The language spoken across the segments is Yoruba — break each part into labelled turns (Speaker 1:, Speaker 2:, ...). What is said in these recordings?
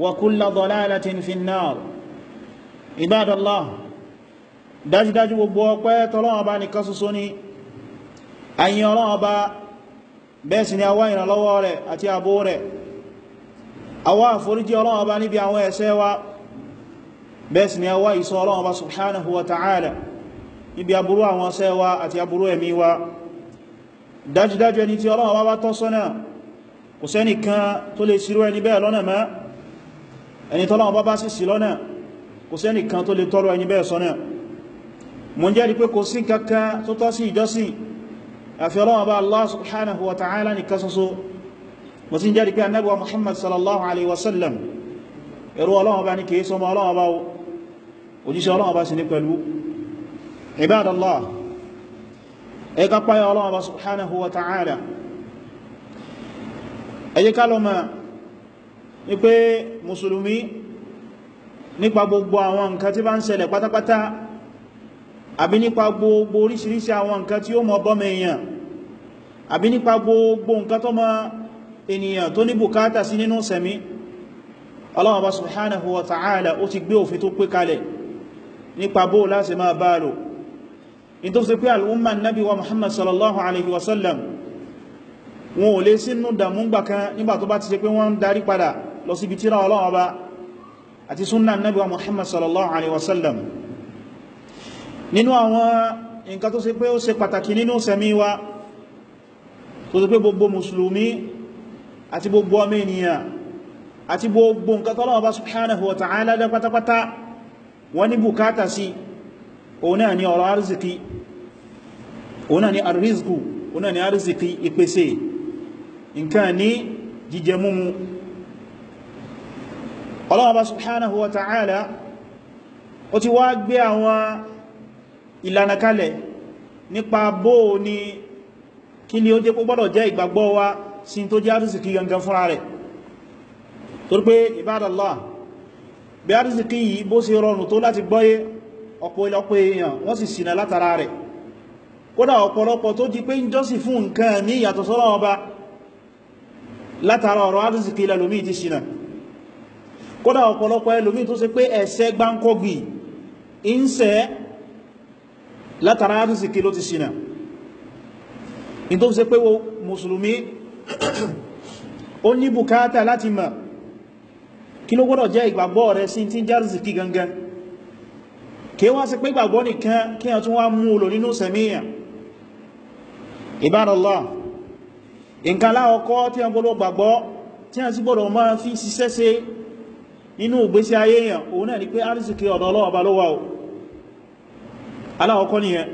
Speaker 1: وكل ضلالة في النار عباد الله dájúdájú gbogbo ọpẹ́ tọ́lọ́wọ́ bá ní kásùsù ní ayin ọlọ́wọ́ bá bẹ́ẹ̀ sí ni a wá ìrànlọ́wọ́ rẹ̀ àti àbó rẹ̀ a wá àforíjí ọlọ́wọ́ bá níbi àwọn ẹ̀ṣẹ̀ wa bẹ́ẹ̀ sí ni a wá ìṣọ́ ọlọ́wọ́ bá subhanahu wa ta'ala níbi aburú àwọn ẹ̀ṣẹ̀ wa àti aburú ẹ̀mí wa dájúdájú ẹni tí ọlọ́wọ́ bá tọ́ sọ́nà kò sẹ́nìkan tó lè ṣírò ẹni bẹ́ẹ̀ lọ́nà mẹ́ ẹni tọ́lọ́wọ́ bá bá sì sí lọ́nà kò sẹ́nì kan tó lè tọ́rọ ẹni bẹ́ẹ̀ sọ́nà mo ń jẹ́rìí pé kò sí kankan tó tọ́ sí ìjọsìn àfi Ọlọ́hun Ọba Allah subhanahu wa ta'ala nìkan ṣoṣo mo sì ń jẹ́rìí pé Ànábì wa Muhammad ní pé mùsùlùmí nípa gbogbo àwọn nǹkan tí bá ń ṣẹlẹ̀ pátápátá àbí nípa gbogbo oríṣiríṣi àwọn nǹkan tí ó mọ bọ́mọ èèyàn àbí nípa gbogbo nǹkan tó mọ ènìyàn tó ní bùkátà sí nínú sẹ̀mí Ọlọ́hun wa ta'ala ó ti gbé òfin tó pé kalẹ̀ nípa bó láti máa nabi wa muhammad sallallahu alaihi wasallam wọn ò lè sínú dàmúgbà kan nígbà tó bá ti ṣe pé wọ́n ń darí padà lọ sí ibi tíra Ọlọ́run ọba àti súnnà Ànábì wa Muhammad sallallahu alaihi wasallam nínú àwọn nǹkan tó ṣe pé ó ṣe pàtàkì nínú sẹ̀mí wa tó ṣe pé gbogbo mùsùlùmí àti gbogbo ọmọ ènìyàn àti gbogbo nǹkan tọ́lọ́wọ́ bá subhanahu wa ta'ala lẹ́ pátápátá wọ́n ní bùkátà sí ìpèsè nǹkan ní jíjẹ múmu ọlọ́wọ́ba subhanahu wa ta'ala ó ti wá gbé àwọn ìlànà kalẹ̀ nípa bó ní kí ni ó jẹ́ kó gbọ́dọ̀ jẹ́ ìgbàgbọ́ wa sí tó jẹ́ àrísìkí gangan fúnra rẹ̀ torí pé ibadallah bí àrísìkí yìí bó ṣe rọrùn tó láti gbọ́yé ọ̀pọ̀ ìlọ́pọ̀ èèyàn wọ́n sì ṣìnà látara rẹ̀ kódà ọ̀pọ̀lọpọ̀ tó di pé ń jọ́sì fún nǹkan ní ìyàtọ̀ sọ́rọ̀ ọba látara ọ̀rọ̀ àrísìkí lẹ́lòmí ti ṣìnà kódà ọ̀pọ̀lọpọ̀ ẹlòmí tó ṣe pé ẹ̀ṣẹ̀ gbáǹkọ́gbì ń ṣẹ̀ látara arísìkí ló ti ṣìnà in tó ṣe pé wo mùsùlùmí ó ní bùkátà láti mọ̀ kí ló gbọ́dọ̀ jẹ́ ìgbàgbọ́ rẹ̀ sí tí járísìkí gangan kí wá ṣe pé ìgbàgbọ́ nìkan kí a tún wá mú lò nínú sẹ̀míyàn Ibadallah nǹkan láọkọ́ tí a gbọ́dọ̀ gbàgbọ́ tí a sì gbọ́dọ̀ máa fi ṣiṣẹ́ ṣe nínú ìgbésí ayé èèyàn òun náà ni pé arzikí ọ̀dọ̀ ọlọ́ọ̀bá ló wà o aláwọ̀kọ́ nìyẹn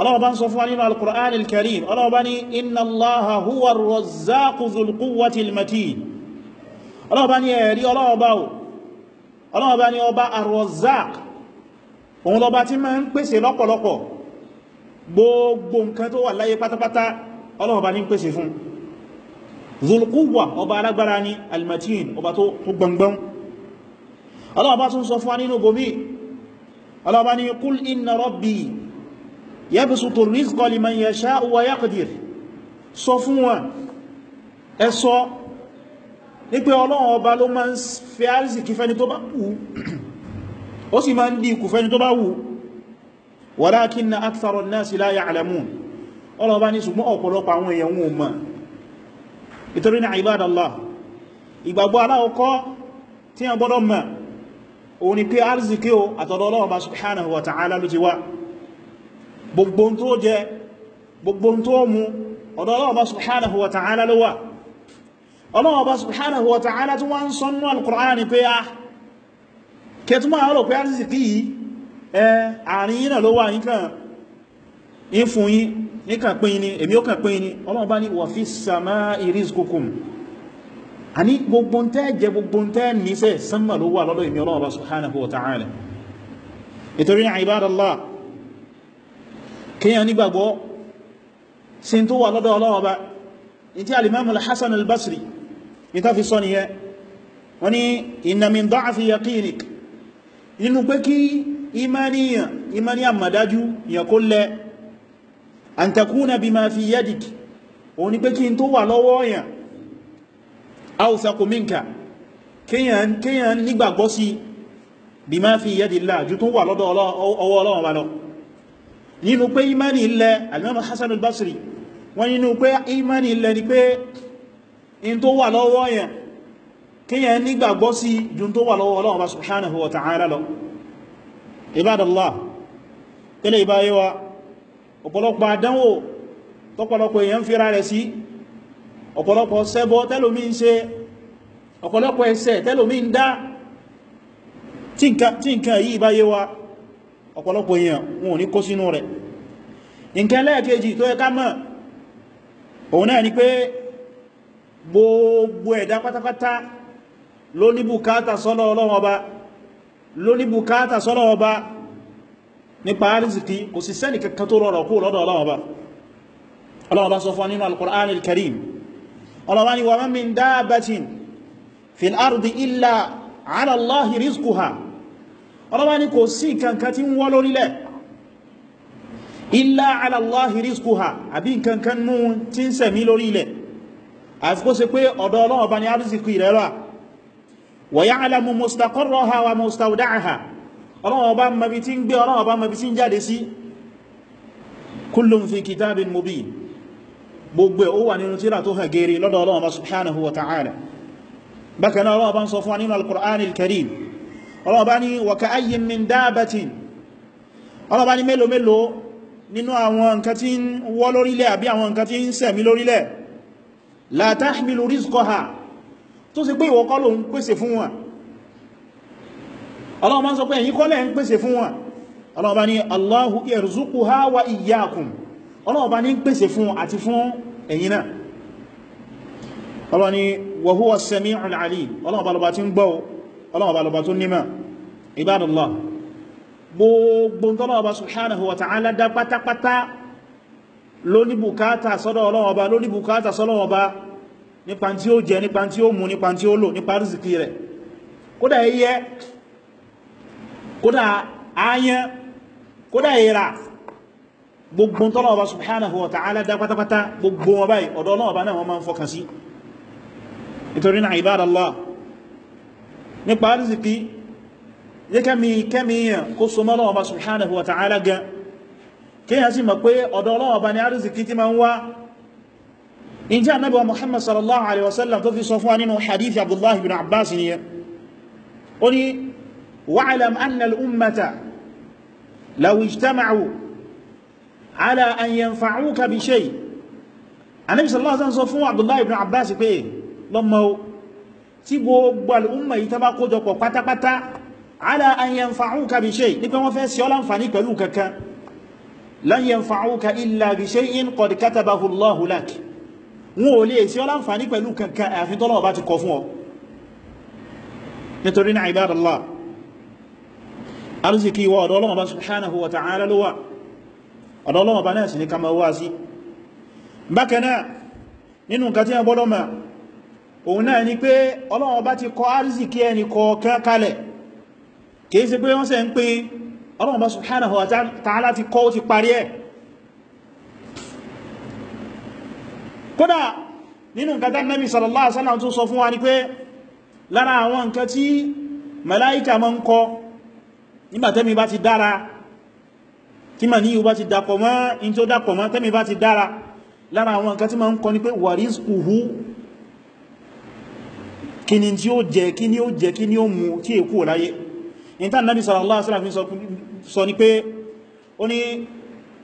Speaker 1: ọlọ́ọ̀bá ń sọ fún wa nínú al-Qur'an al-Karim ọlọ́ọ̀bá ní inna Allaha huwa ar-razzaqu dhul quwwati al-matin ọlọ́ọ̀bá ní ẹ̀rí ọlọ́ọ̀bá o ọlọ́ọ̀bá ní ọba ar-razzaq òun lọba tí máa ń pèsè lọ́pọ̀lọpọ̀ gbogbo nǹkan tó wà láyé pátápátá Allah bá tún sọ fún wa nínú gomi Allah bá ní kúl inna rabbi yabsutu rizqa liman yasha'u wa yaqdir sọ fún wa ẹ sọ ní pé Ọlọ́run ọba ló máa ń fi àrísìkí fẹ́ni tó bá wù ó sì máa ní ṣùgbọ́n ọ̀pọ̀lọpọ̀ àwọn èèyàn wọn mọ̀ ìtorí ní ibadallah ìgbàgbọ́ aláwọ̀kọ́ tí a gbọ́dọ̀ mọ̀ òun ni pé arziki o àtọ̀dọ̀ Ọlọ́run bá subhanahu wa ta'ala ló ti wá gbogbo tó jẹ gbogbo tó mu ọ̀dọ̀ Ọlọ́run bá subhanahu wa ta'ala ló wà Ọlọ́run bá subhanahu wa ta'ala tí wọ́n ń sọ nínú al-Qur'ani pé ah, a kẹ àní gbogbo tẹ́ jẹ gbogbo tẹ́ níṣẹ́ sánmà ló wà lọ́dọ̀ ìmì Ọlọ́run subhanahu wa ta'ala ìtorí ibadallah kíyàn nígbàgbọ́ sí tó wà lọ́dọ̀ Ọlọ́run bá in tí alimamu al-Hasan al-Basri in ta fi sọ niyẹ wani inna min da'afi yaqinik nínú pé kí imaniyan imaniyan madaju ya kulle an awthaqu minka kíyàn nígbàgbọ́ sí bima fi yadillah ju tó wà lọ́dọ̀ ọwọ́ Ọlọ́run bá lọ nínú pé imani ilẹ̀ alimọ́mọ̀ Hasan al-Basri wọ́n nínú pé imani ilẹ̀ ni pé in tó wà lọ́wọ́ yẹn kíyàn nígbàgbọ́ sí ju tó wà lọ́wọ́ Ọlọ́run bá subhanahu wa ta'ala lọ ọ̀pọ̀lọpọ̀ ṣẹbọ tẹ́lòmí ń ṣe ọ̀pọ̀lọpọ̀ ẹ̀ṣẹ̀ tẹ́lòmí ń dá tí nǹkan yìí bá yé wa ọ̀pọ̀lọpọ̀ èèyàn wọn ò ní kó sínú rẹ̀ nǹkan lẹ́ẹ̀kejì tó yẹ ká mọ̀ òun náà ni pé gbogbo ẹ̀dá pátápátá ló ní bùkátà sọ́lọ́ Ọlọ́run Ọba ló ní bùkátà sọ́lọ́ nípa arziki kò sí sẹ́nì kankan tó rọrọ̀ kú lọ́dọ̀ Ọlọ́run sọ fún nínú Al-Qur'an al-Karim ọlọ́wà ni wa ma min dabbatin fil ardi illa ala Allahi rizquha ọlọ́wà ni kò sí kankan tí ń wọ́ lórílẹ̀ illa ala Allahi rizquha àbí kankan nú tí ń sẹ̀mí lórílẹ̀ àfikó ṣe pé ọ̀dọ̀ Ọlọ́run gbogbo ẹ̀ ó wà nínú tírà tó hàgẹ́rẹ́ lọ́dọ̀ Ọlọ́run bá subhanahu wa ta'ala bákan náà Ọlọ́run bá ń sọ fún wa nínú al-Qur'an al-Karim Ọlọ́run bá ní wa ka'ayyin min dabbatin Ọlọ́run bá ní mélòó nínú àwọn nǹkan tí ń wọ́ lórílẹ̀ ọlọ́ọ̀bá ní pèsè fún àti fún ẹ̀yin náà ọlọ́ọ̀ ni wa huwa as-sami'ul 'alim ọlọ́ọ̀bá lọba tí ń gbọ́ ọlọ́ọ̀bá lọba tó nímọ̀ ibadallah gbogbo tọ́lọ́ọ̀bá subhanahu wa ta'ala dá pátápátá lóní bùkátà sọ́dọ̀ ọlọ́ọ̀bá lóní bùkátà sọ́lọ́ọ̀bá nípa tí ó jẹ nípa tí ó kódà ẹyẹ kódà aáyán kódà èèrà gbogbo tọ́lọ̀ ọba subhanahu wa ta'ala dá pátápátá gbogbo wọn báyìí ọ̀dọ̀ Ọlọ́run Ọba náà wọ́n máa ń fọkàn sí nítorí náà ibadallah nípa arziki yí kẹ́mi kẹ́mi kó so mọ́ Ọlọ́run Ọba subhanahu wa ta'ala gan kí yà sí mọ̀ pé ọ̀dọ̀ Ọlọ́run Ọba ni arziki ti máa ń wá in jẹ́ anábíwa Muhammad sallallahu alaihi wasallam tó fi sọ fún wa nínú hadith Abdullah ibn Abbas ni ó ní wa'lam anna ummata law ijtama'u ala an yanfa'uka bi shay Ànábì sallallahu alaihi wasallam sọ fún Abdullah ibn Abbas pé lọ́mọ tí gbogbo al'umma yìí tá bá kó jọpọ̀ pátápátá ala an yanfa'uka bi shay ní pé wọ́n fẹ́ sí ọ láǹfààní pẹ̀lú kankan lan yanfa'uka illa bi shay'in qad katabahu Allahu lak wọn ò lè sí ọ láǹfààní pẹ̀lú kankan àyàfi tọ́lọ́run bá ti kọ fún ọ nítorí náà ibadallah arziki wa ọ̀dọ̀ Ọlọ́run subhanahu wa ta'ala lówà ọ̀dọ̀ Ọlọ́run bá náà sì ní ká wá sí bákanáà nínú nǹkan tí a gbọ́dọ̀ ma òun náà ni pé bá ti kọ arzikí ẹni kọ kalẹ̀ kìí ṣe pé wọ́n ṣe ń pè Ọlọ́run bá subhanahu ta'ala ti kọ ti parí ẹ̀ kódà nínú nǹkan tí ma ní yíò bá ti dapọ̀ mọ́ in tó dapọ̀ mọ́ tẹ́mi bá ti dára lára àwọn nǹkan tí ma ń kọ ní pé wàrís uhu kí ni tí ó jẹ kí ni ó jẹ kí ni ó mu tí èkú láyé in tán nábi sallallahu alaihi wasallam sọ ní pé ó ní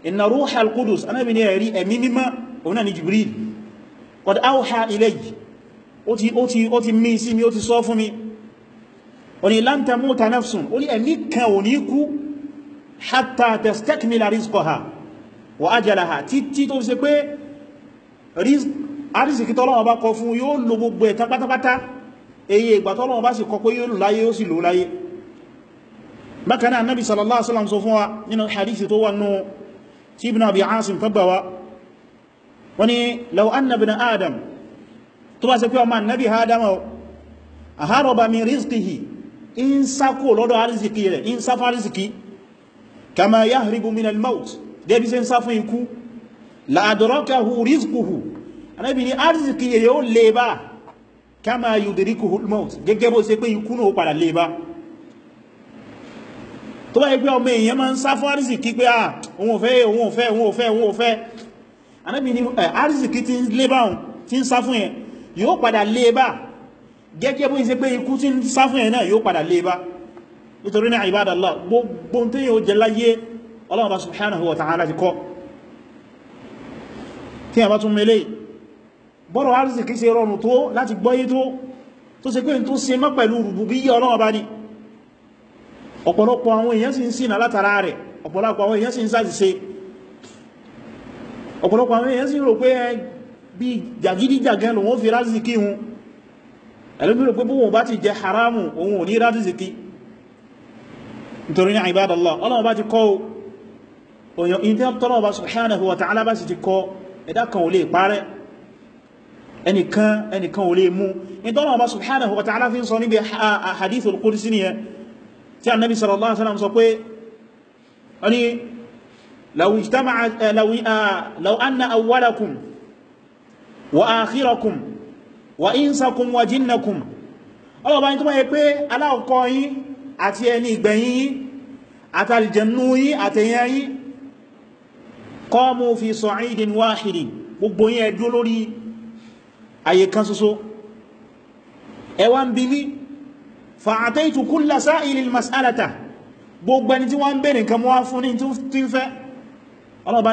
Speaker 1: inna ruhal qudus anábi ní ẹ̀rí ẹ̀mí mímọ́ òun náà ni jibril qad awha nafsun ó ní kan ò ní hatta tastakmila rizqaha wa ajalaha títí tó fi ṣe pé àrísìkí tọ́lọ́wọ́ bá kọ fún yóò lo gbogbo ẹ̀ta pátápátá èyí ìgbà tọ́lọ́wọ́ bá sì kọ pé yóò lò láyé ó sì lò láyé bákanáà nabi sallallahu alaihi wasallam sọ fún wa nínú hadisi tó wà nù tí ibn abi asim tabbawa wani law anna ibn adam tó bá ṣe in sako lọ́dọ̀ àrísìkí rẹ̀ in safa àrísìkí kama yahribu min al-maut débi ṣe ń sá fún ikú la adrakahu rizquhu anábi ni arziki yẹ yóò lè bá kama yudrikuhu al-maut gẹ́gẹ́ bó ṣe pé ikú náà padà lè bá tó bá ẹgbẹ́ ọmọ èèyàn máa ń sá fún arziki pé à òun ò fẹ́ òun ò fẹ́ òun ò fẹ́ òun ò fẹ́ anábi ni arziki ti lè bá òun ti ń sá fún yẹn yóò padà lè bá gẹ́gẹ́ bó ṣe pé ikú ti ń sá fún yẹn náà yóò padà lè bá nítorí náà ibadallah gbogbo tí yíò jẹ láyé Ọlọ́run bá subhanahu wa ta'ala ti kọ́ tí a bá tún mẹ́lẹ̀ bọ́rọ̀ arzikí ṣe rọrùn tó láti gbọ́yé tó tó ṣe pé tó ṣe mọ́ pẹ̀lú rububiyya Ọlọ́run bá ní ọ̀pọ̀lọpọ̀ àwọn èèyàn sì ń sìn látara rẹ̀ ọ̀pọ̀lọpọ̀ àwọn èèyàn sì ń nítorí ní ibadallah ọlọ́wọ́ bá ti kọ́ òyàn ìdí tọ́lọ́wọ́ bá subhanahu wa ta'ala bá sì ti kọ́ ẹ̀dá kan ò lè parẹ́ ẹnìkan ẹnìkan ò lè mú ìtọ́lọ́wọ́ bá subhanahu wa ta'ala fi ń sọ níbi hadithul qudsi ni tí annabi sallallahu alaihi wasallam sọ pé ani law ijtama'a law anna awwalakum wa akhirakum wa ọlọ́wọ́ bá ń tó máa yẹ pé aláwọ̀kọ́ yìí àti ẹni ìgbẹ̀yìn yín àtàlìjẹ̀nú yín àtẹ̀yẹ yín qamu fi sa'idin wahidin gbogbo yín ẹ dúró lórí àyè kan ṣoṣo ẹ wá ń bi mí fa'ataytu kulla sa'ilil mas'alata gbogbo ẹni tí wọ́n ń bèèrè nǹkan mọ́ wá fún ní tí ń fẹ́ ọlọ́ba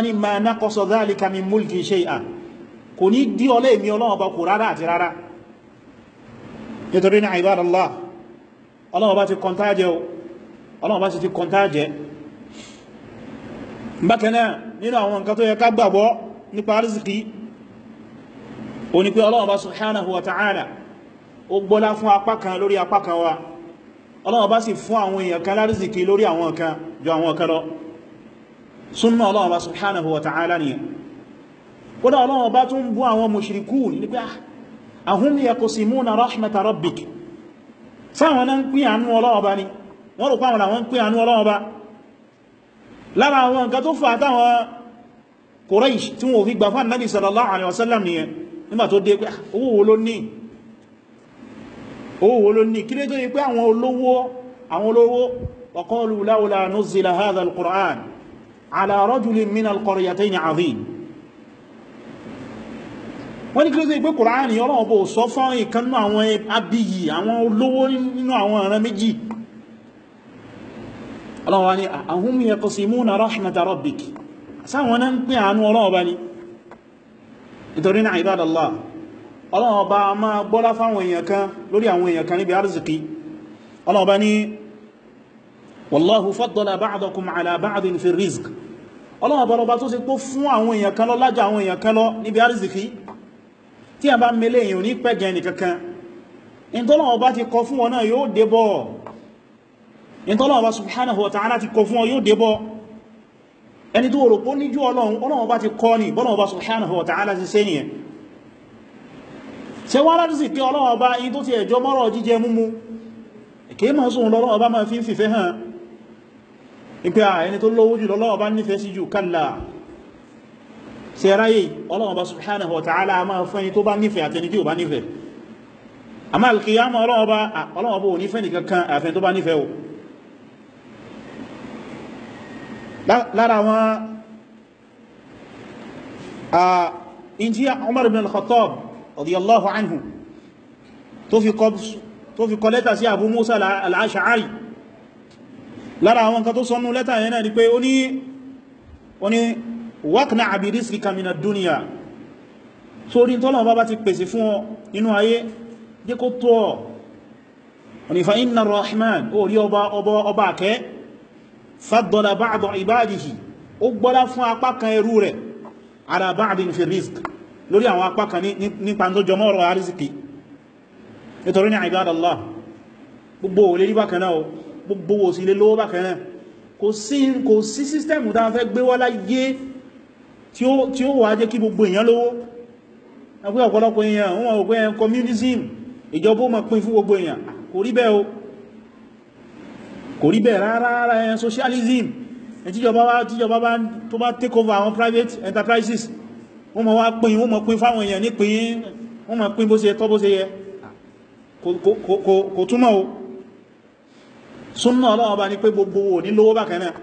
Speaker 1: ọlọ́wọ́ bá ti kọntájẹ́ o ọlọ́wọ́ bá sì ti kọntájẹ́ bákanáà nínú àwọn nǹkan tó yẹ ká gbàgbọ́ nípa arziki o ní pé ọlọ́wọ́ bá subhanahu wa ta'ala ó gbọ́lá fún apá kan lórí apá kan wa ọlọ́wọ́ bá sì fún àwọn èèyàn kan láríziki lórí àwọn kan ju àwọn kan lọ súnnà ọlọ́wọ́ bá subhanahu wa ta'ala ni kódà ọlọ́wọ́ bá tún bú àwọn mushrikun ní pé ah, sáwọn náà ń pín àánú ọlọ́ọba ni wọ́n rò pàwọn àwọn ń pín àánú ọlọ́ọba lára àwọn nǹkan tó fà táwọn Quraysh tí wọ́n fi gbà fún Ànábì sallallahu alaihi wasallam nìyẹn nígbà tó dé pé ah, owó wo ló wọ́n ní kí ló sí pé kòránì ọlọ́run bó sọ fún ìkannú àwọn abiyì àwọn olówó nínú àwọn ọ̀ràn méjì ọlọ́run wá ní ahum yaqsimuna rahmata rabbik sáwọn náà ń pín àánú ọlọ́run bá ní nítorí náà ibadallah ọlọ́run máa gbọ́lá fáwọn èèyàn kan lórí àwọn èèyàn kan níbi arziki ọlọ́run tí a bá mele èyàn ní pẹ̀gẹ̀ nìkankan ìntọ́lọ́wọ́ bá ti kọ fún ọ náà yóò débọ̀ ìntọ́lọ́wọ́ bá subhanahu wa ta'ala ti kọ fún ọ yóò débọ̀ ẹni tó rò pó níjú ọlọ́run ọlọ́run bá ti kọ ní bọ́lọ́wọ́ bá subhanahu wa ta'ala ti sẹ́ni ẹ̀ ṣe wá láti sì pé ọlọ́run bá in sí ẹráyè ọlọ́run bá subhanahu wa ta'ala máa fún ẹni tó bá nífẹ̀ẹ́ àtẹni tí ò bá nífẹ̀ẹ́ àmá alkiyama ọlọ́run bá ọlọ́run bá ò nífẹ̀ẹ́ nìkankan àfẹni tó bá nífẹ̀ẹ́ o lára wọn a inji Umar ibn al-Khattab radiyallahu anhu tó fi kọ lẹ́tà sí Abu Musa al-Ash'ari lára àwọn kan tó sọ wákìnà àbí rísìkì kàmínà dúnìyà sórí tọ́lọ̀ bá bá ti pèsè fún ọ inú ayé jẹ́ kó tó ọ onífà inna rahman ó rí ọba ọba ọba kẹ́ faddala ba'da ibadihi ó gbọ́lá fún apá kan ẹrú rẹ̀ ala ba'din fi rísìkì lórí àwọn apá kan nípa tó ọ̀rọ̀ kò sí sísítẹ̀mù tá a fẹ́ tí ó wà jẹ́ kí gbogbo èèyàn lówó ẹgbẹ́ ọ̀pọ̀lọpọ̀ èèyàn wọ́n ògbẹ́ eh, communism ìjọba ma pín fún gbogbo èèyàn kò rí bẹ́ẹ̀ o kò rí bẹ́ẹ̀ rárá ẹ̀yàn eh, socialism eh, tíjọba bá tó bá take over àwọn private enterprises wọ́n ma wá pín wọ́n ma pín fáwọn èèyàn ní pín wọ́n ma pín bó ṣe tọ́ bó ṣe yẹ kò túmọ̀ o súnnà ọlọ́wọ́ bá ní pé gbogbo ò ní lówó bákan náà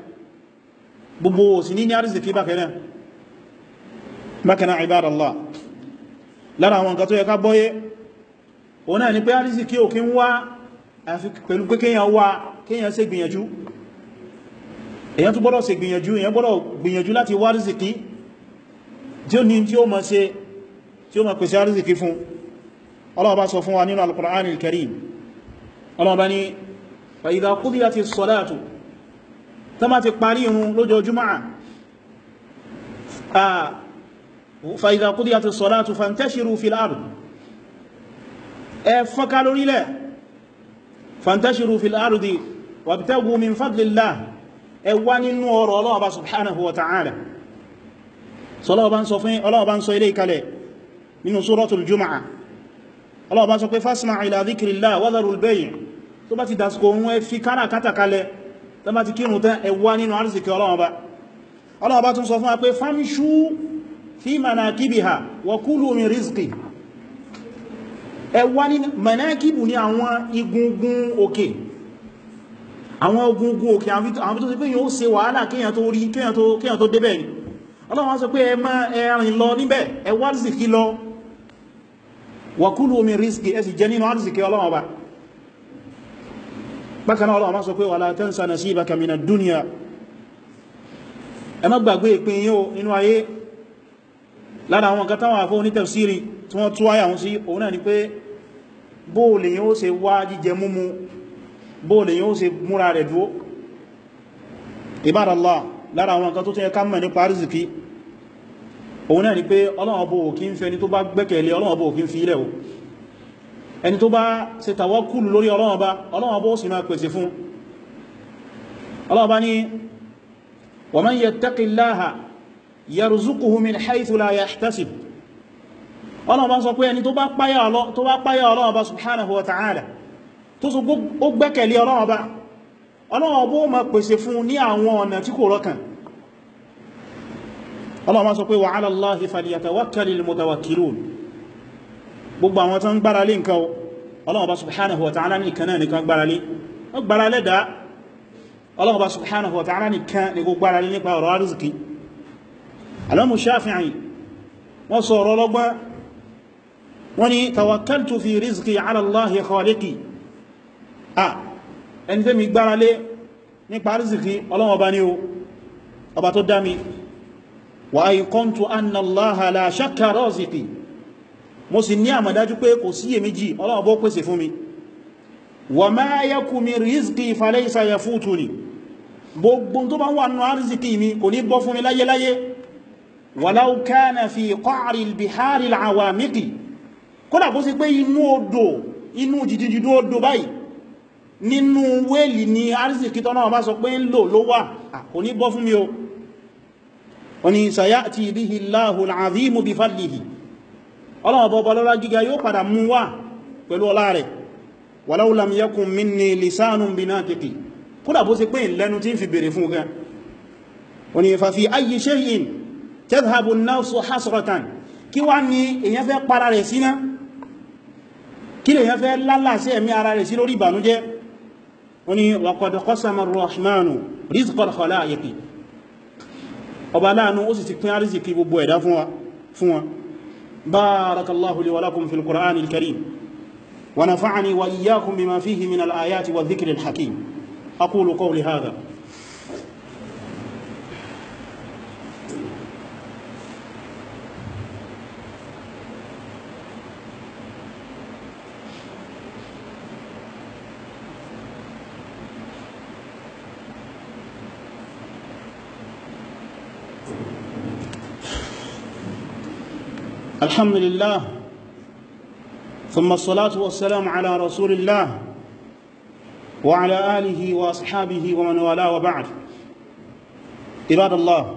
Speaker 1: gbogbo ò ní ní àrísìkí bákan náà makana ibadallah lára àwọn nǹkan tó yẹ ká bọ́yé o náà ni pé àrísì kí o kí ń wá pẹ̀lú pé kíyàn wá kíyàn ṣe gbìyànjú èyàn tó gbọ́dọ̀ ṣe gbìyànjú èyàn gbọ́dọ̀ gbìyànjú láti wá àrísì kí tí ó ní tí ó máa ṣe tí ó máa pèsè àrísì kí fún Ọlọ́run bá sọ fún فإذا قضيت الصلاة فانتشروا في الأرض فقالوا لله فانتشروا في الأرض وابتغوا من فضل الله ẹwà nínú ọ̀rọ̀ ọlọ́ọ̀bá subhanahu wa ta'ala ọlọ́ọ̀bá ń sọ ilé ìkalẹ̀ nínú suratul Jumu'ah ọlọ́ọ̀bá sọ pé fasma' ila dhikrillah fi manakibiha wa kulu min rizqi ẹwà ní manakibu ní àwọn igungun òkè àwọn ogungun òkè àwọn tó ti pé yíò ṣe wàhálà kíyàn tó rí kíyàn tó débẹ̀ ni ọlọ́wọ́n sọ pé ẹmọ ẹrin lọ níbẹ̀ ẹwà rízìkí lọ wa kulu min ẹsì jẹ nínú rízìkí ọlọ́wọ́n ba bákaná ọlọ́wọ́n sọ pé wala tansa nasibaka mina dunya ẹ má gbàgbé ìpín yíò nínú ayé lára àwọn kan táwọn àfó ní tafsiri tí wọ́n tú àyà wọn sí òun náà ni pé bóòlè yóò ṣe wá jíjẹ múmu bóòlè yóò ṣe múra rẹ̀ dúó ìbádàlá lára àwọn kan tó tẹ́ ká mẹ́ nípa arziki òun náà ni pé Ọlọ́run bó kí ń fi ẹni tó bá gbẹ́kẹ̀lé Ọlọ́run bó kí ń fi ilẹ̀ o ẹni tó yarzuquhu min haythu la yahtasib ọlọ́run bá sọ pé ẹni tó bá páyà ọlọ́run bá subhanahu wa ta'ala tó sọ ó gbẹ́kẹ̀lé ọlọ́run bá ọlọ́run bó ma pèsè fún ní àwọn ọ̀nà tí kò rọ́kàn ọlọ́run bá sọ pé wa 'ala Allahi falyatawakkalil mutawakkilun gbogbo àwọn tó alamu shafi'i wọ́n sọ ọ̀rọ̀ lọ́gbá wọ́n ni tawakkaltu fi rizqi ala Allahi khaliqi a ẹni tẹ́ mi gbára lé nípa rizqi Ọlọ́hun Ọba ni o ọba tó dámi wa ayqantu anna Allaha la shakka raziqi mo sì ní àmàdájú pé kò síyè méjì Ọlọ́hun bó pèsè fún mi walau kana fi qa'ri al-bihari al-awamiqi kódà bó sí pé inú odò inú jìdìjìdú odò báyìí nínú wéèlì ni arzikí tọ́nà bá sọ pé ń lò ló wà kò ní bọ́ fún mi o wọ́n ni sayati bihi Allahu al-azimu bi fadlihi ọlọ́wọ́ bọ́bọ́ lọ́lá gíga yóò padà mú wá pẹ̀lú ọlá rẹ̀ tadhhabu an-nafsu hasratan kí wá ní èyàn fẹ́ para rẹ̀ síná kí lèyàn fẹ́ lálà sí ẹ̀mí ara rẹ̀ sí lórí ìbànújẹ́ wọ́n ni wa qad qasama ar-rahmanu rizqa al-khalaiqi ọba láàánú ó sì ti pín arziki gbogbo ẹ̀dá fún wa barakallahu li wa lakum fil qur'anil karim wa nafa'ani wa iyyakum bima fihi min al-ayati wa dhikri al-hakim aqulu qawli hadha الحمد لله ثم الصلاة والسلام على رسول الله وعلى آله وأصحابه ومن والاه وبعد عباد الله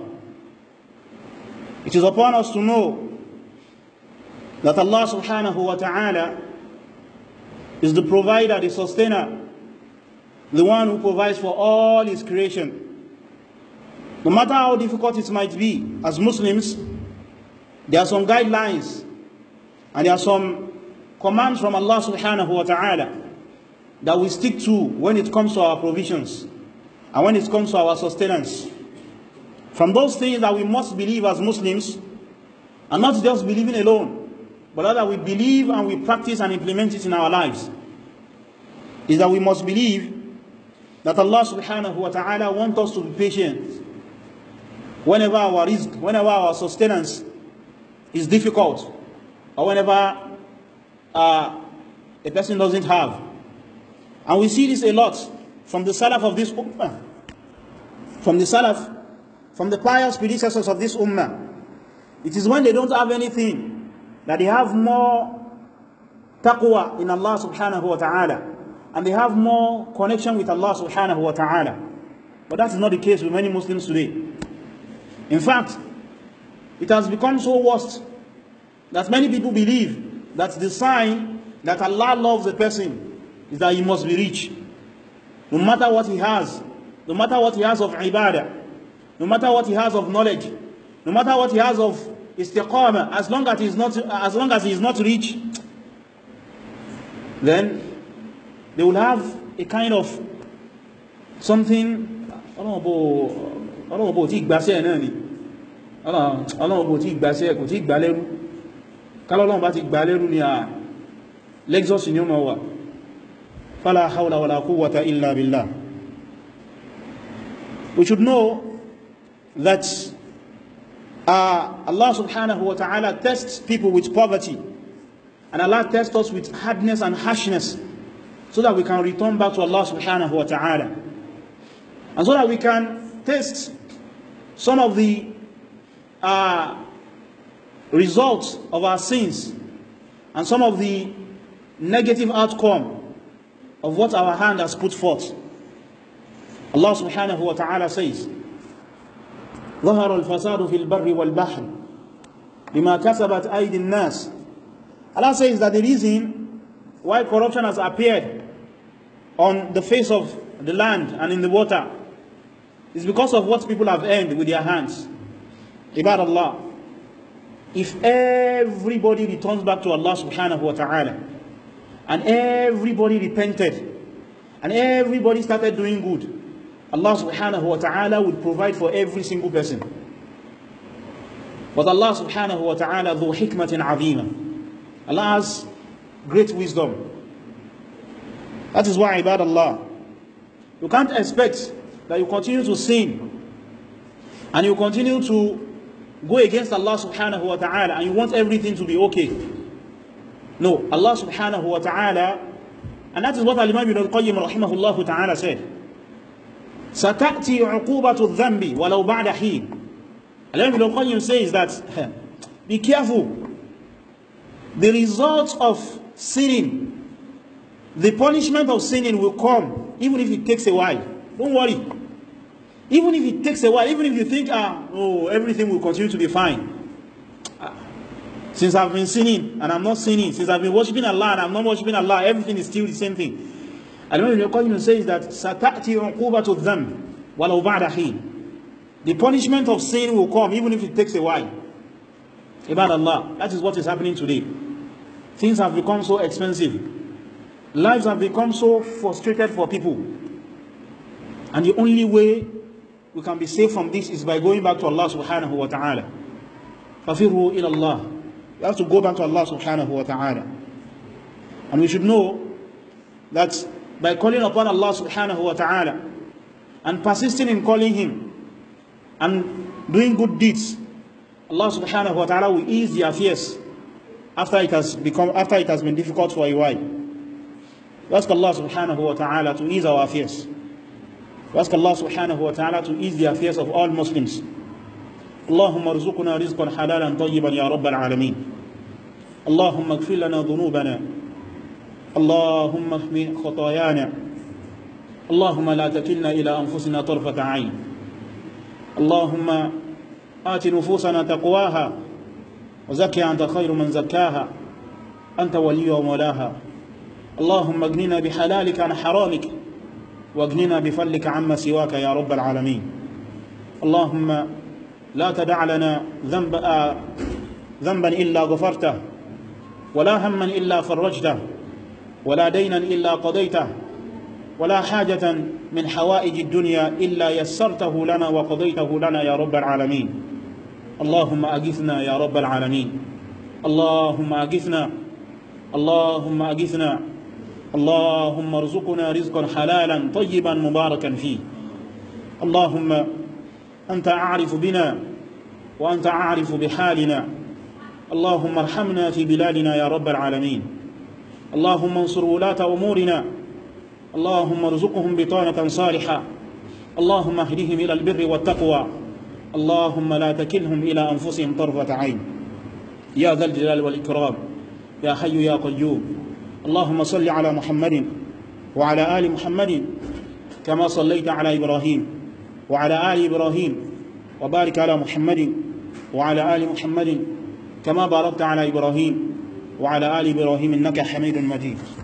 Speaker 1: it is upon us to know that Allah subhanahu wa ta'ala is the provider, the sustainer, the one who provides for all his creation. No matter how difficult it might be, as Muslims, There are some guidelines and there are some commands from Allah subhanahu wa ta'ala that we stick to when it comes to our provisions and when it comes to our sustenance. From those things that we must believe as Muslims, and not just believing alone, but rather we believe and we practice and implement it in our lives, is that we must believe that Allah subhanahu wa ta'ala wants us to be patient whenever our risk, whenever our sustenance is difficult or whenever uh, a person doesn't have. And we see this a lot from the Salaf of this Ummah. From the Salaf, from the pious predecessors of this Ummah. It is when they don't have anything that they have more taqwa in Allah subhanahu wa ta'ala. And they have more connection with Allah subhanahu wa ta'ala. But that is not the case with many Muslims today. In fact, It has become so worst that many people believe that the sign that Allah loves a person is that he must be rich. No matter what he has, no matter what he has of ibadah, no matter what he has of knowledge, no matter what he has of istiqamah, as long as he is not, as long as he is not rich, then they will have a kind of something, I don't know about, I don't know about ọlọ́run kò tí ìgbàṣẹ́ kò tí ìgbàlẹ́rú kálọ́lọ́run bá ti gbàlẹ́rú ni a Lexus ni ó ma wà fala hawla wala wata illa billah we should know that uh, Allah subhanahu wa ta'ala tests people with poverty and Allah tests us with hardness and harshness so that we can return back to Allah subhanahu wa ta'ala and so that we can test some of the are uh, results of our sins and some of the negative outcome of what our hand has put forth. Allah subhanahu wa ta'ala says, ظهر الفساد في البر والبحر بما كسبت أيدي الناس Allah says that the reason why corruption has appeared on the face of the land and in the water is because of what people have earned with their hands. عباد Allah, if everybody returns back to Allah subhanahu wa ta'ala and everybody repented and everybody started doing good, Allah subhanahu wa ta'ala would provide for every single person. But Allah subhanahu wa ta'ala, though hikmatin عظيمة. Allah has great wisdom. That is why, ibad Allah, you can't expect that you continue to sin and you continue to go against Allah subhanahu wa ta'ala and you want everything to be okay. No, Allah subhanahu wa ta'ala, and that is what Al-Imam Ibn al-Qayyim rahimahullah ta'ala said. سَتَأْتِي عُقُوبَةُ الذَّنْبِ وَلَوْ بَعْدَ حِينَ Al-Imam Ibn al-Qayyim says that, be careful. The result of sinning, the punishment of sinning will come, even if it takes a while. Don't worry even if it takes a while even if you think ah oh everything will continue to be fine ah, since I've been sinning and I'm not sinning since I've been worshiping Allah and I'm not worshiping Allah everything is still the same thing Al-Imam Ibn Qayyim says that satati uqubatu dhanb walau ba'da hin the punishment of sin will come even if it takes a while about Allah that is what is happening today things have become so expensive lives have become so frustrated for people and the only way we can be saved from this is by going back to Allah subhanahu wa ta'ala. فَفِرُّوا ila Allah. We have to go back to Allah subhanahu wa ta'ala. And we should know that by calling upon Allah subhanahu wa ta'ala and persisting in calling Him and doing good deeds, Allah subhanahu wa ta'ala will ease your affairs after it has become after it has been difficult for a while. ask Allah subhanahu wa ta'ala to ease our affairs. We ask Allah subhanahu wa ta'ala to ease the affairs of all Muslims. اللهم ارزقنا رزقا حلالا طيبا يا رب العالمين اللهم اغفر لنا ذنوبنا اللهم احمي خطايانا اللهم لا تكلنا إلى أنفسنا طرفة عين اللهم آت نفوسنا تقواها وزكي أنت خير من زكاها أنت ولي ومولاها اللهم اجننا بحلالك عن حرامك واغننا بفضلك عما سواك يا رب العالمين اللهم لا تدع لنا ذنب آه، ذنبا إلا غفرته ولا هما إلا فرجته ولا دينا إلا قضيته ولا حاجة من حوائج الدنيا إلا يسرته لنا وقضيته لنا يا رب العالمين اللهم اغثنا يا رب العالمين اللهم اغثنا اللهم اغثنا اللهم ارزقنا رزقا حلالا طيبا مباركا فيه اللهم أنت أعرف بنا وأنت أعرف بحالنا اللهم ارحمنا في بلادنا يا رب العالمين اللهم انصر ولاة أمورنا اللهم ارزقهم بطانة صالحة اللهم اهدهم إلى البر والتقوى اللهم لا تكلهم إلى أنفسهم طرفة عين يا ذا الجلال والإكرام يا حي يا قيوم اللهم صل على محمد وعلى آل محمد كما صليت على إبراهيم وعلى آل إبراهيم وبارك على محمد وعلى آل محمد كما باركت على إبراهيم وعلى آل إبراهيم إنك حميد مجيد